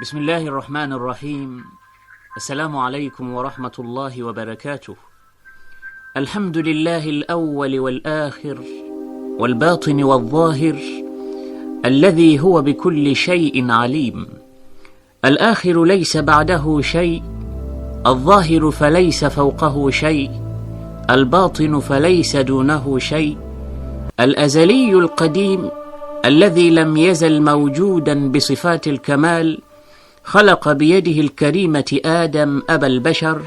بسم الله الرحمن الرحيم السلام عليكم ورحمة الله وبركاته الحمد لله الأول والآخر والباطن والظاهر الذي هو بكل شيء عليم الآخر ليس بعده شيء الظاهر فليس فوقه شيء الباطن فليس دونه شيء الأزلي القديم الذي لم يزل موجودا بصفات الكمال خلق بيده الكريمه ادم ابا البشر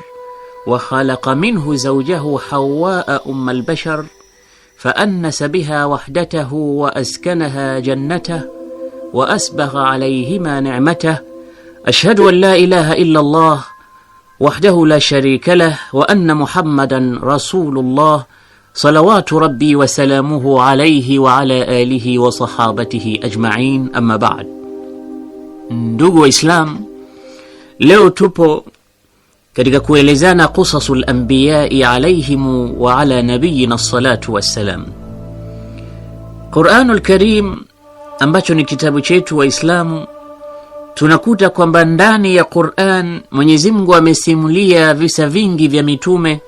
وخلق منه زوجه حواء ام البشر فانس بها وحدته واسكنها جنته واسبغ عليهما نعمته اشهد ان لا اله الا الله وحده لا شريك له وان محمدا رسول الله صلوات ربي وسلامه عليه وعلى اله وصحابته اجمعين اما بعد Ndugu Waislamu, leo tupo katika kuelezana kusasu lambiyai alaihim wa ala nabiyina salatu wassalam. Quranu lkarim ambacho ni kitabu chetu Waislamu, tunakuta kwamba ndani ya Quran mwenyezimngu amesimulia visa vingi vya mitume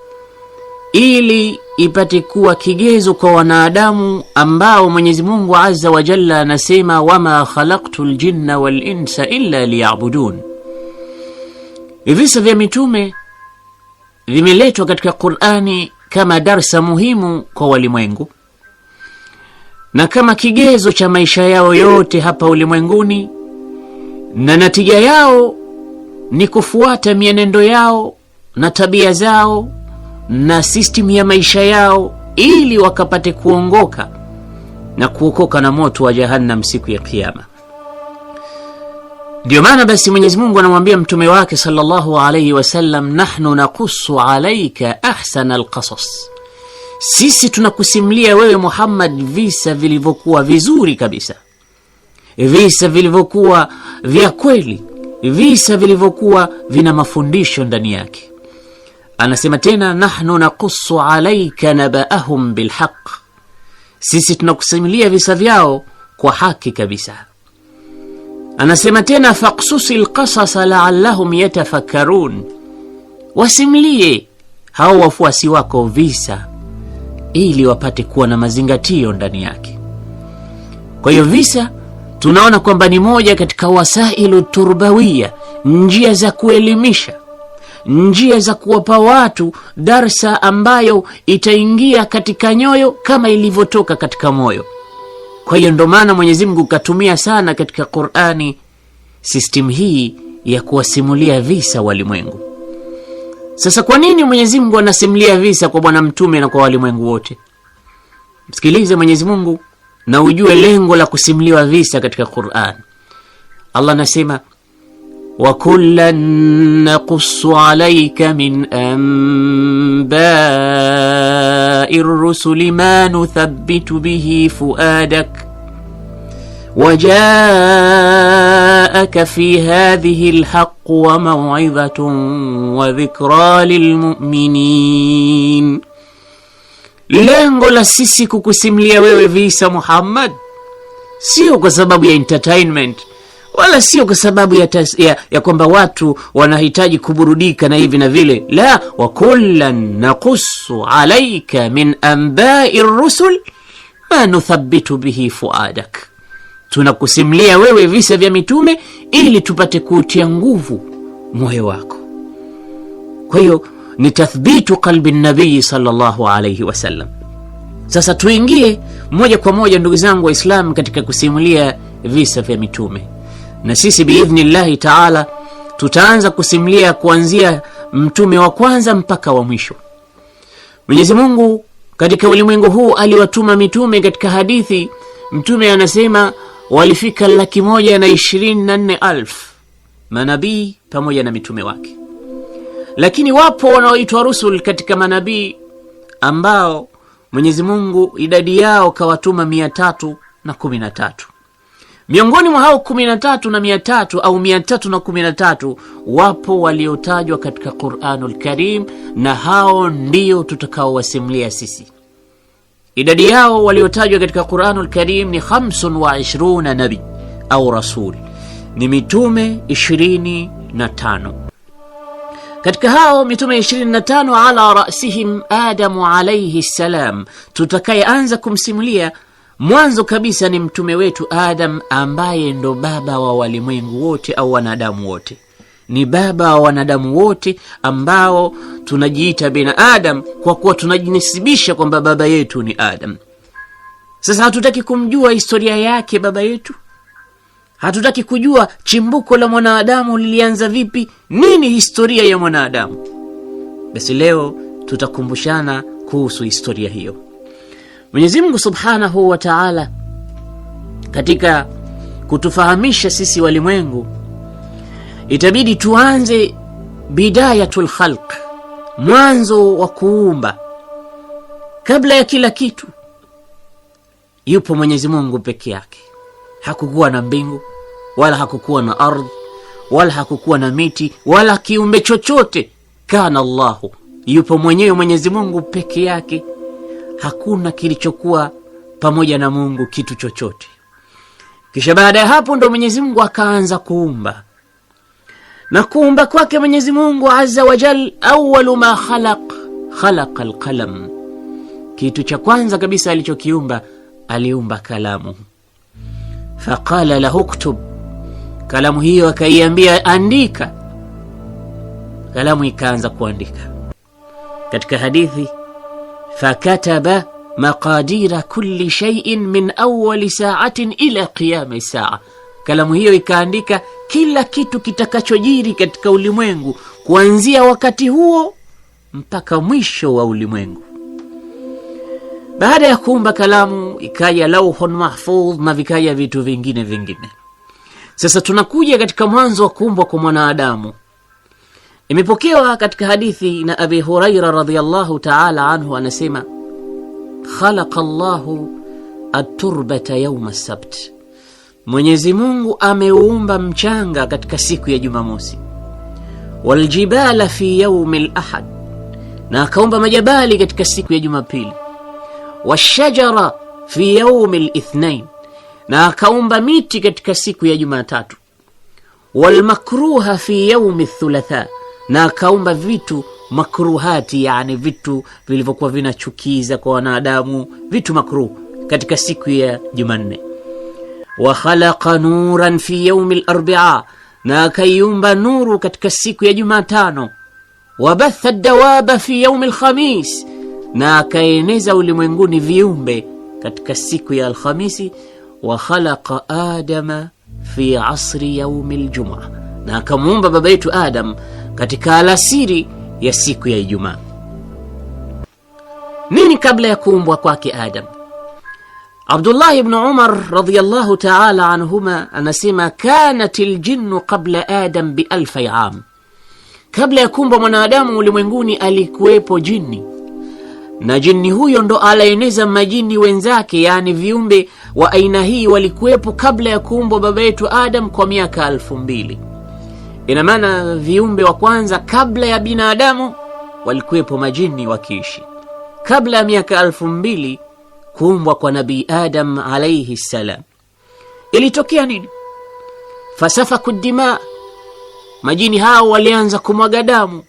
ili ipate kuwa kigezo kwa wanadamu ambao Mwenyezi Mungu Azza wa Jalla anasema wama khalaktu ljinna wal insa illa liyabudun. Visa vya mitume vimeletwa katika Qur'ani kama darsa muhimu kwa walimwengu na kama kigezo cha maisha yao yote hapa ulimwenguni, na natija yao ni kufuata mienendo yao na tabia zao na sistimu ya maisha yao ili wakapate kuongoka na kuokoka na moto wa Jahannam siku ya Kiyama. Ndiyo maana basi Mwenyezi Mungu anamwambia mtume wake sallallahu alayhi wasallam, nahnu nakusu alaika ahsana alqasas, sisi tunakusimulia wewe Muhammad visa vilivyokuwa vizuri kabisa, visa vilivyokuwa vya kweli, visa vilivyokuwa vina mafundisho ndani yake. Anasema tena, nahnu nakusu alaika nabaahum bilhaq, sisi tunakusimulia visa vyao kwa haki kabisa. Anasema tena, faksusi lqasasa laallahum yatafakkarun, wasimlie hao wafuasi wako visa ili wapate kuwa na mazingatio ndani yake. Kwa hiyo visa tunaona kwamba ni moja katika wasailu turbawiya, njia za kuelimisha njia za kuwapa watu darsa ambayo itaingia katika nyoyo kama ilivyotoka katika moyo. Kwa hiyo ndo maana Mwenyezi Mungu katumia sana katika Qur'ani system hii ya kuwasimulia visa walimwengu. Sasa kwa nini Mwenyezi Mungu anasimulia visa kwa bwana mtume na kwa walimwengu wote? Msikilize Mwenyezi Mungu na ujue lengo la kusimuliwa visa katika Qur'an. Allah anasema وكلا نقص عليك من انباء الرسل ما نثبت به فؤادك وجاءك في هذه الحق وموعظه وذكرى للمؤمنين lengo la sisi kukusimulia wewe visa muhammad sio kwa sababu ya entertainment wala sio kwa sababu ya, ya, ya kwamba watu wanahitaji kuburudika na hivi na vile. La, wa kullan naqusu alaika min ambai rusul ma nuthabitu bihi fuadak, tunakusimlia wewe visa vya mitume ili tupate kuutia nguvu moyo wako. Kwa hiyo ni tathbitu qalbi nabii sallallahu alayhi wasallam. Sasa tuingie moja kwa moja, ndugu zangu Waislamu, katika kusimulia visa vya mitume na sisi biidhnillahi taala tutaanza kusimulia kuanzia mtume wa kwanza mpaka wa mwisho. Mwenyezi Mungu katika ulimwengu huu aliwatuma mitume. Katika hadithi mtume anasema walifika laki moja na ishirini na nne alfu manabii pamoja na mitume wake, lakini wapo wanaoitwa rusul katika manabii ambao Mwenyezi Mungu idadi yao kawatuma mia tatu na kumi na tatu. Miongoni mwa hao kumi na tatu na au mia tatu na kumi na tatu wapo waliotajwa katika Quranul Karim, na hao ndio tutakaowasimulia sisi. Idadi yao waliotajwa katika Quranul Karim ni hamsun nabi au rasul, ni mitume ishirini na tano. Katika hao mitume 25 ala rasihim Adamu alaihi ssalam, tutakayeanza kumsimulia Mwanzo kabisa ni mtume wetu Adam ambaye ndo baba wa walimwengu wote au wanadamu wote, ni baba wa wanadamu wote ambao tunajiita binadamu kwa kuwa tunajinasibisha kwamba baba yetu ni Adam. Sasa hatutaki kumjua historia yake baba yetu, hatutaki kujua chimbuko la mwanadamu lilianza vipi, nini historia ya mwanadamu. Basi leo tutakumbushana kuhusu historia hiyo. Mwenyezi Mungu Subhanahu wa Ta'ala katika kutufahamisha sisi walimwengu, itabidi tuanze bidayatul khalq, mwanzo wa kuumba. Kabla ya kila kitu yupo Mwenyezi Mungu peke yake. Hakukuwa na mbingu wala hakukuwa na ardhi wala hakukuwa na miti wala kiumbe chochote. Kana Allahu, yupo mwenyewe Mwenyezi Mungu peke yake hakuna kilichokuwa pamoja na Mungu kitu chochote. Kisha baada ya hapo ndo Mwenyezi Mungu akaanza kuumba, na kuumba kwake Mwenyezi Mungu azza wa jal, awwalu ma khalaq khalaq alqalam, kitu cha kwanza kabisa alichokiumba aliumba kalamu. Faqala lahu ktub, kalamu hiyo akaiambia andika. Kalamu ikaanza kuandika. Katika hadithi fakataba maqadira kulli shay'in min awali sa'atin ila qiyami saa. Kalamu hiyo ikaandika kila kitu kitakachojiri katika ulimwengu kuanzia wakati huo mpaka mwisho wa ulimwengu. Baada ya kuumba kalamu, ikaja lauhun mahfudh na vikaja vitu vingine vingine. Sasa tunakuja katika mwanzo wa kuumbwa kwa mwanadamu. Imepokewa katika hadithi na Abi Huraira radhiyallahu taala anhu anasema, khalaqa llahu aturbata yauma sabt, Mwenyezi Mungu ameuumba mchanga katika siku ya Jumamosi. Waljibala fi yaumi lahad, na akaumba majabali katika siku ya Jumapili. Washajara fi yaumi lithnain, na akaumba miti katika siku ya Jumatatu. Walmakruha fi yaumi thulatha na akaumba vitu makruhati, yani vitu vilivyokuwa vinachukiza kwa wanadamu, vitu makruh katika siku ya Jumanne. Wa khalaqa nuran fi yaumi al na akaiumba nuru katika siku ya Jumatano. Wa batha dawaba fi yaumi al na akaeneza ulimwenguni viumbe katika siku ya Alhamisi. Wa khalaqa adama fi asri yaumi al na akamuumba baba yetu Adam katika alasiri ya siku ya Ijumaa. Nini kabla ya kuumbwa kwake Adam? Abdullah ibn Umar radhiyallahu ta'ala anhuma anasema kanat ljinnu qabla Adam bi alfi am, kabla ya kuumbwa mwanadamu ulimwenguni alikuwepo jini na jini huyo ndo alaeneza majini wenzake, yaani viumbe wa aina hii walikuwepo kabla ya kuumbwa baba yetu Adam kwa miaka alfu mbili. Ina maana viumbe wa kwanza kabla ya binadamu walikuwepo majini wakiishi, kabla ya miaka elfu mbili kuumbwa kwa Nabii Adam alaihi ssalam. Ilitokea nini? fasafa kudima majini hao walianza kumwaga damu.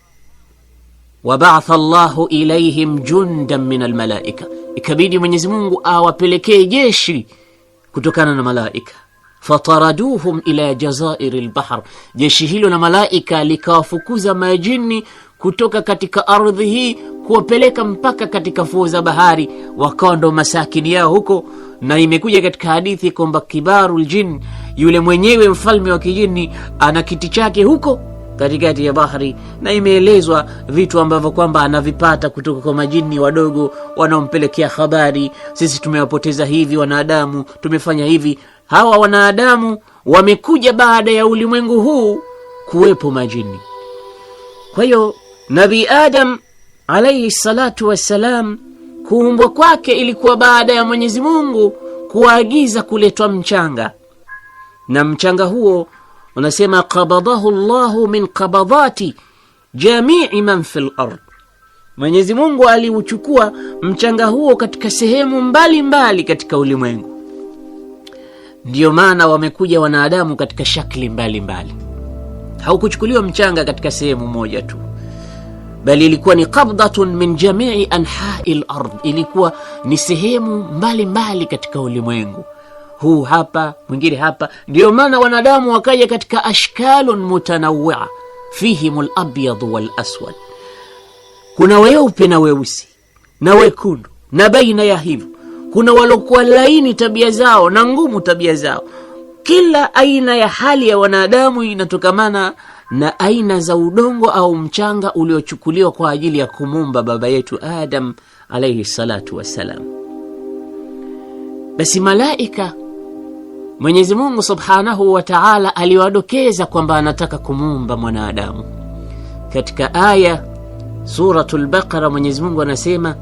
Wabaatha llahu ilaihim jundan min almalaika, ikabidi Mwenyezi Mungu awapelekee jeshi kutokana na malaika fataraduhum ila jazairi lbahr, jeshi hilo la malaika likawafukuza majini kutoka katika ardhi hii kuwapeleka mpaka katika fuo za bahari, wakawa ndo masakini yao huko. Na imekuja katika hadithi kwamba kibaru ljin yule mwenyewe mfalme wa kijini, ana kiti chake huko katikati ya bahari, na imeelezwa vitu ambavyo kwamba anavipata kutoka kwa majini wadogo wanaompelekea habari, sisi tumewapoteza hivi wanadamu, tumefanya hivi hawa wanadamu wamekuja baada ya ulimwengu huu kuwepo majini. Kwa hiyo nabi Adam alaihi salatu wassalam, kuumbwa kwake ilikuwa baada ya Mwenyezi Mungu kuagiza kuletwa mchanga, na mchanga huo unasema qabadahu llahu min qabadati jamii man fi lard Mwenyezi Mungu aliuchukua mchanga huo katika sehemu mbalimbali mbali katika ulimwengu Ndiyo maana wamekuja wanadamu katika shakli mbalimbali. Haukuchukuliwa mchanga katika sehemu moja tu, bali ilikuwa ni qabdatun min jamii anhai lardh ilikuwa ni sehemu mbalimbali mbali katika ulimwengu huu, hapa mwingine hapa. Ndiyo maana wanadamu wakaja katika ashkalun mutanawia fihim labyadu walaswad, kuna weupe na weusi na wekundu na baina ya hivyo kuna walokuwa laini tabia zao na ngumu tabia zao. Kila aina ya hali ya wanadamu inatokamana na aina za udongo au mchanga uliochukuliwa kwa ajili ya kumumba baba yetu Adam alaihi salatu wassalam. Basi malaika Mwenyezi Mungu subhanahu wa taala aliwadokeza kwamba anataka kumumba mwanadamu. Katika aya suratu Baqara mwenyezimungu anasema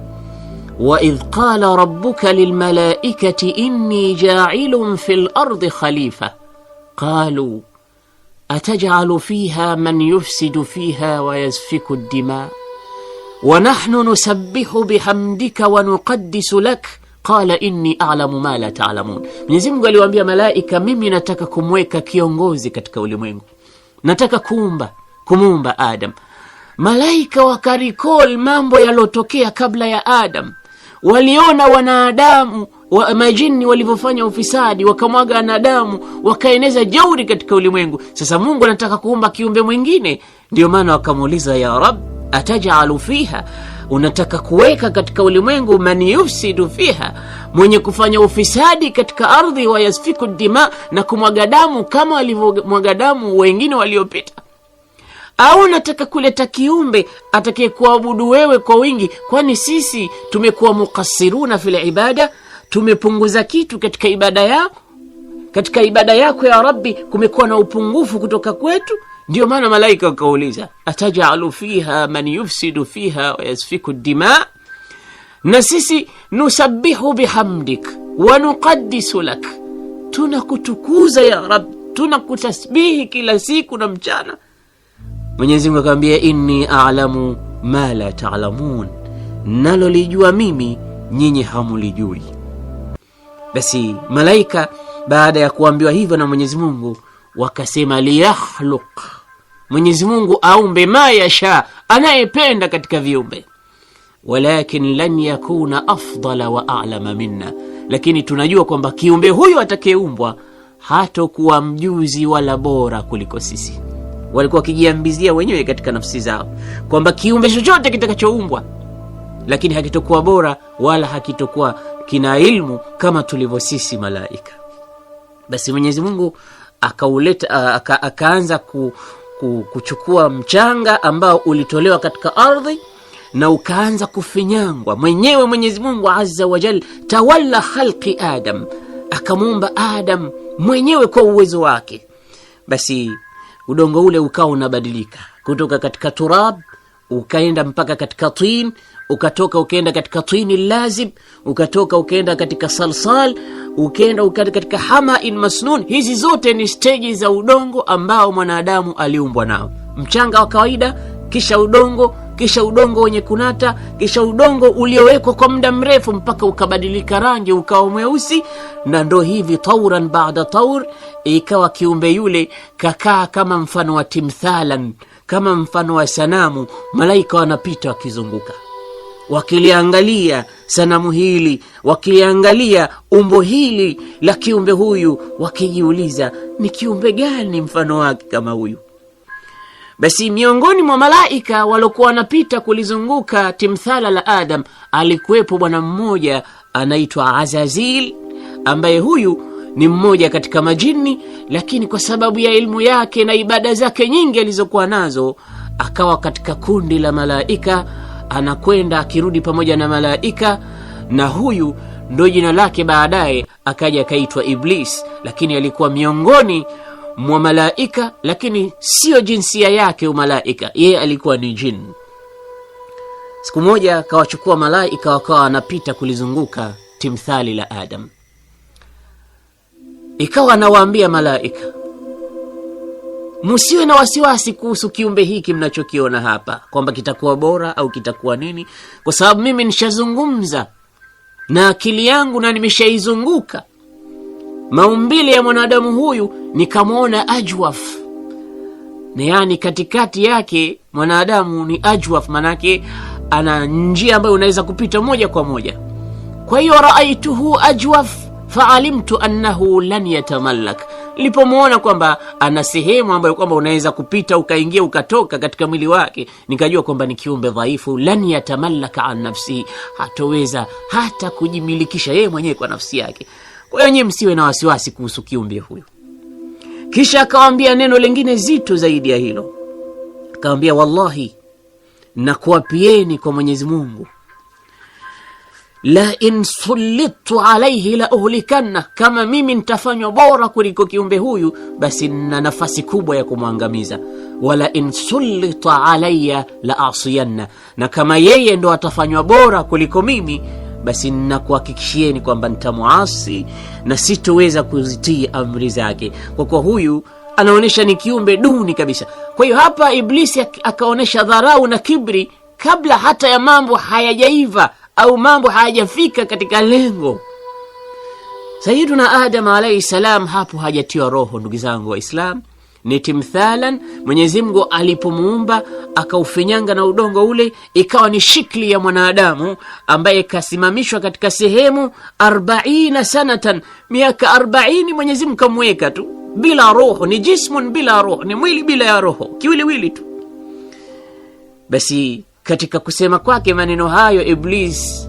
واذ قال ربك للملائكه اني جاعل في الارض خليفه قالوا اتجعل فيها من يفسد فيها ويسفك الدماء ونحن نسبح بحمدك ونقدس لك قال اني اعلم ما لا تعلمون منزمك اليوم يا ملائكه ممي نتاكا كمويكا كيونغوزي كتكا ولمويكا نتاكا كومبا كومومبا ادم ملائكه وكاريكول مامبو يا لوتوكيا قبل يا ادم Waliona wanadamu wa, majini walivyofanya ufisadi, wakamwaga wanadamu wakaeneza jeuri katika ulimwengu. Sasa Mungu anataka kuumba kiumbe mwingine, ndio maana wakamuuliza ya Rab, atajalu fiha, unataka kuweka katika ulimwengu man yufsidu fiha, mwenye kufanya ufisadi katika ardhi, wayasfiku dima, na kumwaga damu kama walivyomwaga damu wengine waliopita au nataka kuleta kiumbe atakaye kuabudu wewe kwa wingi? Kwani sisi tumekuwa mukasiruna fil ibada, tumepunguza kitu katika ibada yako, katika ibada yako ya Rabbi, kumekuwa na upungufu kutoka kwetu. Ndiyo maana malaika wakauliza, atajalu fiha man yufsidu fiha wa yasfiku dima, na sisi nusabihu bihamdik wa nuqaddisu lak, tunakutukuza ya Rabbi, tunakutasbihi kila siku na mchana Mwenyezi Mungu akamwambia, inni a'lamu ma la ta'lamun, nalolijua mimi nyinyi hamulijui. Basi malaika baada ya kuambiwa hivyo na Mwenyezi Mungu wakasema liyahluq, Mwenyezi Mungu aumbe ma yasha, anayependa katika viumbe, walakin lan yakuna afdala wa a'lama minna, lakini tunajua kwamba kiumbe huyo atakayeumbwa hatokuwa mjuzi wala bora kuliko sisi walikuwa wakijiambizia wenyewe katika nafsi zao kwamba kiumbe chochote kitakachoumbwa, lakini hakitokuwa bora wala hakitokuwa kina ilmu kama tulivyo sisi malaika. Basi Mwenyezi Mungu akauleta aka, akaanza ku, ku, kuchukua mchanga ambao ulitolewa katika ardhi na ukaanza kufinyangwa. Mwenyewe Mwenyezi Mungu azza wa jal tawalla halqi Adam, akamuumba Adam mwenyewe kwa uwezo wake basi udongo ule ukawa unabadilika kutoka katika turab ukaenda mpaka katika tin, ukatoka ukaenda katika tini lazim, ukatoka ukaenda katika salsal, ukaenda ukaenda katika hamain masnun. Hizi zote ni steji za udongo ambao mwanadamu aliumbwa nao, mchanga wa kawaida, kisha udongo kisha udongo wenye kunata, kisha udongo uliowekwa kwa muda mrefu mpaka ukabadilika rangi ukawa mweusi, na ndo hivi tauran baada taur, ikawa kiumbe yule kakaa kama mfano wa timthalan, kama mfano wa sanamu. Malaika wanapita wakizunguka wakiliangalia sanamu hili, wakiliangalia umbo hili la kiumbe huyu, wakijiuliza ni kiumbe gani mfano wake kama huyu? Basi miongoni mwa malaika waliokuwa wanapita kulizunguka timthala la Adam alikuwepo bwana mmoja anaitwa Azazil, ambaye huyu ni mmoja katika majini, lakini kwa sababu ya ilmu yake na ibada zake nyingi alizokuwa nazo akawa katika kundi la malaika, anakwenda akirudi pamoja na malaika, na huyu ndo jina lake baadaye akaja akaitwa Iblis, lakini alikuwa miongoni mwa malaika, lakini siyo jinsia yake umalaika, yeye alikuwa ni jin Siku moja akawachukua malaika, wakawa wanapita kulizunguka timthali la Adam, ikawa anawaambia malaika, musiwe na wasiwasi kuhusu kiumbe hiki mnachokiona hapa, kwamba kitakuwa bora au kitakuwa nini, kwa sababu mimi nishazungumza na akili yangu na nimeshaizunguka Maumbile ya mwanadamu huyu nikamwona ajwaf, na yani katikati yake mwanadamu ni ajwaf, manake ana njia ambayo unaweza kupita moja kwa moja. Kwa hiyo raaituhu ajwaf faalimtu annahu lan yatamallak, nilipomwona kwamba ana sehemu ambayo kwamba unaweza kupita ukaingia ukatoka katika mwili wake, nikajua kwamba ni kiumbe dhaifu. Lan yatamallaka an nafsihi, hatoweza hata kujimilikisha yeye mwenyewe kwa nafsi yake. Kwa hiyo nyie msiwe na wasiwasi kuhusu kiumbe huyu Kisha akawaambia neno lingine zito zaidi ya hilo, akawaambia wallahi, kuwapieni kwa Mwenyezi Mungu, la in sulitu alaihi la uhlikanna, kama mimi nitafanywa bora kuliko kiumbe huyu, basi nna nafasi kubwa ya kumwangamiza. Wala in sulita alaya la asiyanna, na kama yeye ndo atafanywa bora kuliko mimi basi nakuhakikishieni kwamba nitamuasi na sitoweza kuzitii amri zake, kwa kuwa huyu anaonyesha ni kiumbe duni kabisa. Kwa hiyo hapa Iblisi akaonyesha dharau na kibri kabla hata ya mambo hayajaiva au mambo hayajafika katika lengo. Sayiduna Adam alaihi salam hapo hajatiwa roho, ndugu zangu Waislamu ni timthalan. Mwenyezi Mungu alipomuumba akaufinyanga na udongo ule, ikawa ni shikli ya mwanadamu ambaye kasimamishwa katika sehemu arbaina sanatan, miaka arbaini Mwenyezi Mungu kamweka tu bila roho, ni jismun bila roho, ni mwili bila ya roho, kiwiliwili tu. Basi katika kusema kwake maneno hayo, Iblis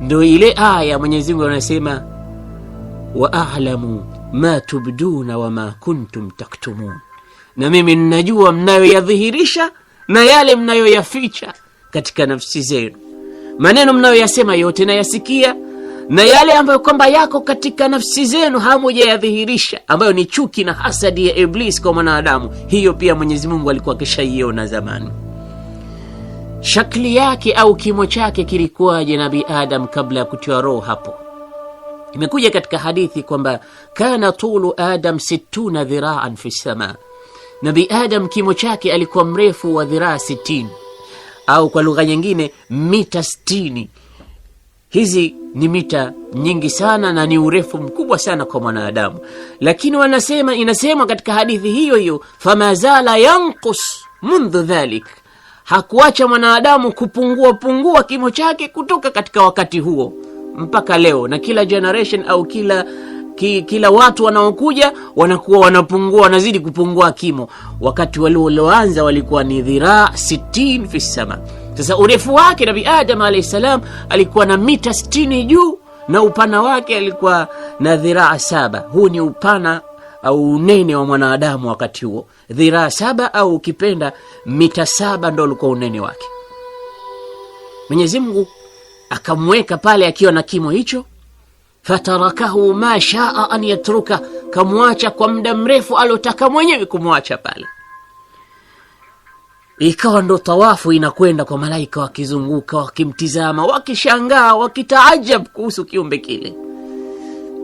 ndo ile aya Mwenyezi Mungu anasema wa alamu ma tubduna wama kuntum taktumun, na mimi ninajua mnayoyadhihirisha na yale mnayoyaficha katika nafsi zenu. Maneno mnayoyasema yote nayasikia, na yale ambayo kwamba yako katika nafsi zenu hamujayadhihirisha, ambayo ni chuki na hasadi ya Iblis kwa mwanadamu, hiyo pia Mwenyezi Mungu alikuwa akishaiona zamani. Shakli yake au kimo chake kilikuwaje Nabii Adam kabla ya kutiwa roho hapo? Imekuja katika hadithi kwamba kana tulu adam situna dhiraan fi sama, Nabi Adam kimo chake alikuwa mrefu wa dhiraa sitini au kwa lugha nyingine mita sitini. Hizi ni mita nyingi sana na ni urefu mkubwa sana kwa mwanadamu, lakini wanasema, inasemwa katika hadithi hiyo hiyo, famazala yanqus mundhu dhalik, hakuacha mwanadamu kupungua pungua kimo chake kutoka katika wakati huo mpaka leo, na kila generation au kila ki, kila watu wanaokuja wanakuwa wanapungua, wanazidi kupungua kimo. Wakati walioanza walikuwa ni dhiraa 60 fi sama. Sasa urefu wake nabi Adam alayhi salam alikuwa na mita 60 juu na upana wake alikuwa na dhiraa saba. Huu ni upana au unene wa mwanadamu wakati huo, dhiraa saba au ukipenda mita saba ndo ulikuwa unene wake. Mwenyezi Mungu akamweka pale akiwa na kimo hicho. Fatarakahu ma shaa an yatruka, kamwacha kwa muda mrefu aliotaka mwenyewe kumwacha pale. Ikawa ndo tawafu inakwenda kwa malaika, wakizunguka wakimtizama, wakishangaa, wakitaajab kuhusu kiumbe kile.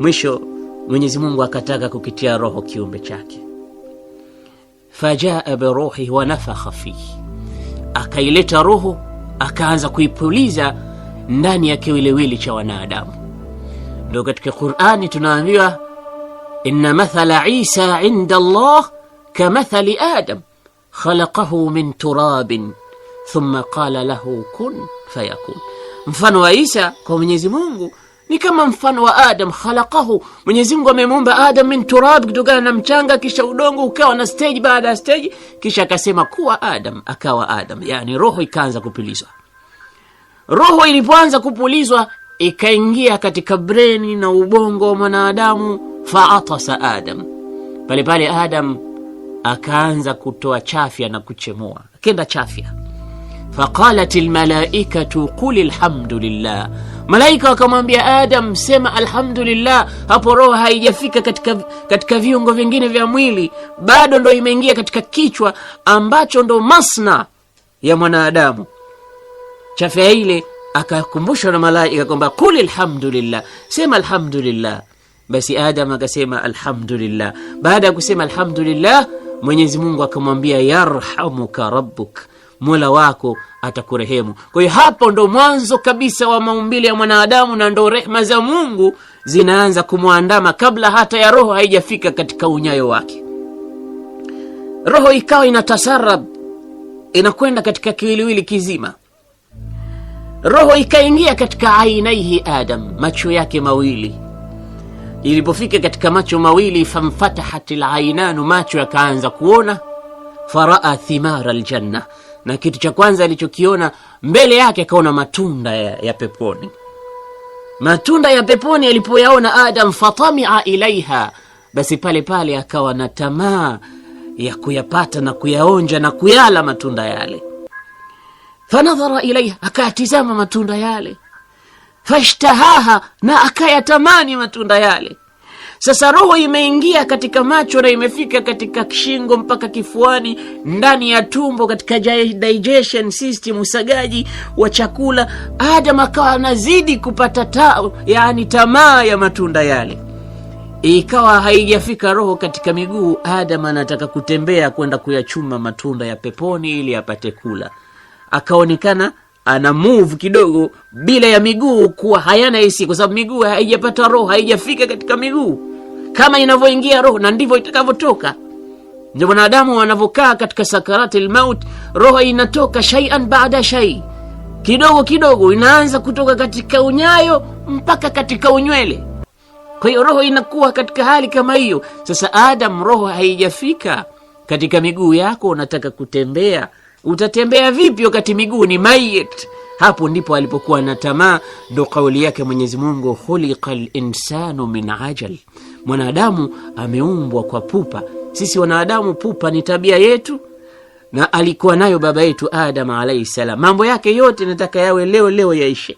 Mwisho Mwenyezi Mungu akataka kukitia roho kiumbe chake, fajaa biruhi wa nafakha fihi, akaileta roho akaanza kuipuliza ndani ya kiwiliwili cha wanadamu. Ndio katika Qur'ani tunaambiwa inna mathala Isa inda Allah kamathali Adam khalaqahu min turabin thumma qala lahu kun fayakun, mfano wa Isa kwa Mwenyezi Mungu ni kama mfano wa Adam. Khalaqahu, Mwenyezi Mungu amemuumba Adam min turab, kutokana na mchanga, kisha udongo ukawa na stage baada ya stage, kisha akasema kuwa Adam, akawa Adam, yani roho ikaanza kupilizwa. Roho ilipoanza kupulizwa ikaingia katika breni na ubongo wa mwanadamu, faatasa Adam, pale pale Adam akaanza kutoa chafya na kuchemua, akenda chafya. Faqalat lmalaikatu qul lhamdulillah, malaika wakamwambia Adam, sema alhamdulillah. Hapo roho haijafika katika, katika viungo vingine vya mwili bado, ndo imeingia katika kichwa ambacho ndo masna ya mwanadamu. Shafia ile akakumbushwa na malaika kwamba kuli alhamdulillah, sema alhamdulillah. Basi Adam akasema alhamdulillah. Baada ya kusema alhamdulillah, Mwenyezi Mungu akamwambia yarhamuka rabbuk, mola wako atakurehemu. Kwa hiyo hapo ndo mwanzo kabisa wa maumbile ya mwanadamu na ndo rehma za Mungu zinaanza kumwandama kabla hata ya roho haijafika katika unyayo wake. Roho ikawa inatasarab, inakwenda katika kiwiliwili kizima roho ikaingia katika ainaihi Adam, macho yake mawili. Ilipofika katika macho mawili, famfatahat lainanu, macho yakaanza kuona. Faraa thimara aljanna, na kitu cha kwanza alichokiona mbele yake akaona matunda ya, ya peponi. Matunda ya peponi alipoyaona Adam, fatamia ilaiha, basi pale pale akawa na tamaa ya kuyapata na kuyaonja na kuyala matunda yale fanadhara ilaiha, akayatizama matunda yale, fashtahaha, na akayatamani matunda yale. Sasa roho imeingia katika macho na imefika katika shingo mpaka kifuani, ndani ya tumbo, katika digestion system, usagaji wa chakula. Adam akawa anazidi kupata ta, yani tamaa ya matunda yale, ikawa haijafika roho katika miguu. Adam anataka kutembea kwenda kuyachuma matunda ya peponi ili apate kula akaonekana ana move kidogo bila ya miguu kuwa hayana hisi, kwa sababu miguu haijapata roho, haijafika katika miguu. Kama inavyoingia roho na ndivyo itakavyotoka. Ndio wanadamu wanavyokaa katika sakaratil maut, roho inatoka shay'an baada shay, kidogo kidogo inaanza kutoka katika unyayo mpaka katika unywele. Kwa hiyo roho inakuwa katika hali kama hiyo. Sasa Adam, roho haijafika katika miguu yako, unataka kutembea utatembea vipi wakati miguu ni mayit? Hapo ndipo alipokuwa na tamaa, ndo kauli yake Mwenyezi Mungu, khuliqa linsanu min ajal, mwanadamu ameumbwa kwa pupa. Sisi wanadamu pupa ni tabia yetu, na alikuwa nayo baba yetu Adam alaihi salam. Mambo yake yote nataka yawe leo leo, yaishe.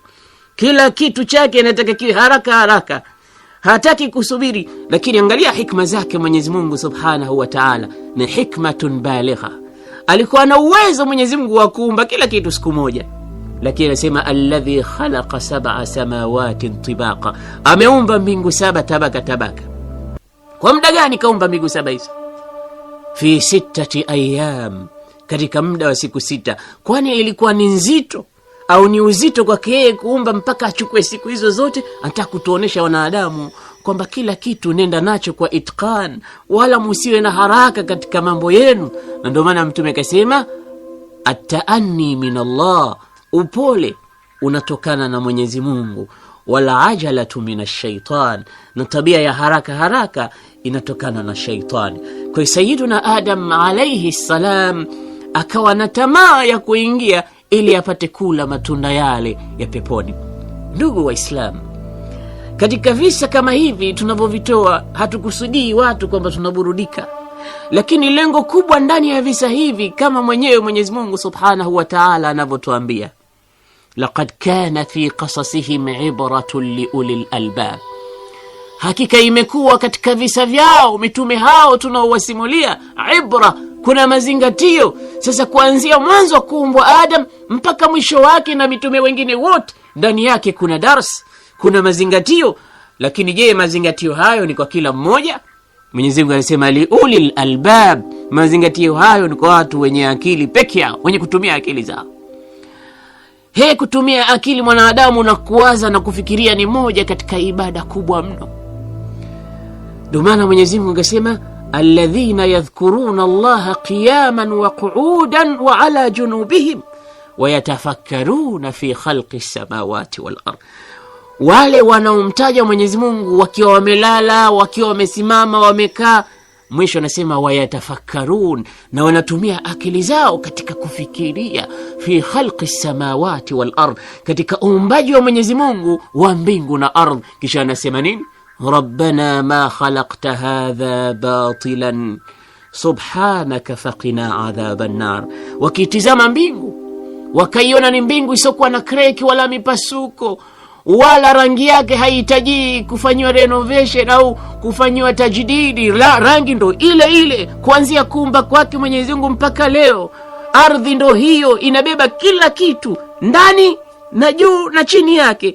Kila kitu chake nataka kiwe haraka haraka, hataki kusubiri. Lakini angalia hikma zake Mwenyezi Mungu subhanahu wataala ni hikmatun baligha alikuwa na uwezo Mwenyezi Mungu wa kuumba kila kitu siku moja, lakini anasema alladhi khalaqa sab'a samawati tibaqa, ameumba mbingu saba tabaka tabaka. Kwa muda gani kaumba mbingu saba hizo? fi sittati ayyam, katika muda wa siku sita. Kwani ilikuwa ni nzito au ni uzito kwake yeye kuumba mpaka achukue siku hizo zote? Anataka kutuonesha wanadamu kwamba kila kitu nenda nacho kwa itqan, wala musiwe na haraka katika mambo yenu. Na ndio maana Mtume akasema ataani min Allah, upole unatokana na Mwenyezi Mungu, wala ajalatu min ashaitan, na tabia ya haraka haraka inatokana na shaitani. Kwa hiyo Sayiduna Adam alaihi salam akawa na tamaa ya kuingia ili apate kula matunda yale ya peponi. Ndugu Waislamu, katika visa kama hivi tunavyovitoa, hatukusudii watu kwamba tunaburudika, lakini lengo kubwa ndani ya visa hivi, kama mwenyewe Mwenyezi Mungu Subhanahu wa Ta'ala anavyotuambia, lakad kana fi kasasihim ibratun liuli lalbab hakika imekuwa katika visa vyao mitume hao tunaowasimulia ibra kuna mazingatio. Sasa kuanzia mwanzo wa kuumbwa Adam mpaka mwisho wake na mitume wengine wote, ndani yake kuna darsi kuna mazingatio, lakini je, mazingatio hayo ni kwa kila mmoja? Mwenyezi Mungu anasema liulil albab, mazingatio hayo ni kwa watu wenye akili peke yao, wenye kutumia akili zao. He, kutumia akili mwanadamu na kuwaza na kufikiria ni moja katika ibada kubwa mno. Ndio maana Mwenyezi Mungu akasema alladhina yadhkuruna Allaha qiyaman wa qu'udan wa ala junubihim wa yatafakkaruna fi khalqi samawati wal ardh wale wanaomtaja Mwenyezi Mungu wakiwa wamelala, wakiwa wamesimama, wamekaa. Mwisho anasema wayatafakkarun, na wanatumia akili zao katika kufikiria fi khalqi samawati wal katika uumbaji wa Mwenyezi Mungu wa mbingu na ardhi. Kisha anasema nini? Rabbana ma khalaqta hadha batilan subhanaka faqina adhaban nar. Wakitizama mbingu wakaiona ni mbingu isiokuwa na kreki wala mipasuko wala rangi yake haihitaji kufanyiwa renovation au kufanyiwa tajdidi. La, rangi ndo ile ile kuanzia kumba kwake Mwenyezi Mungu mpaka leo. Ardhi ndo hiyo, inabeba kila kitu ndani na juu na chini yake.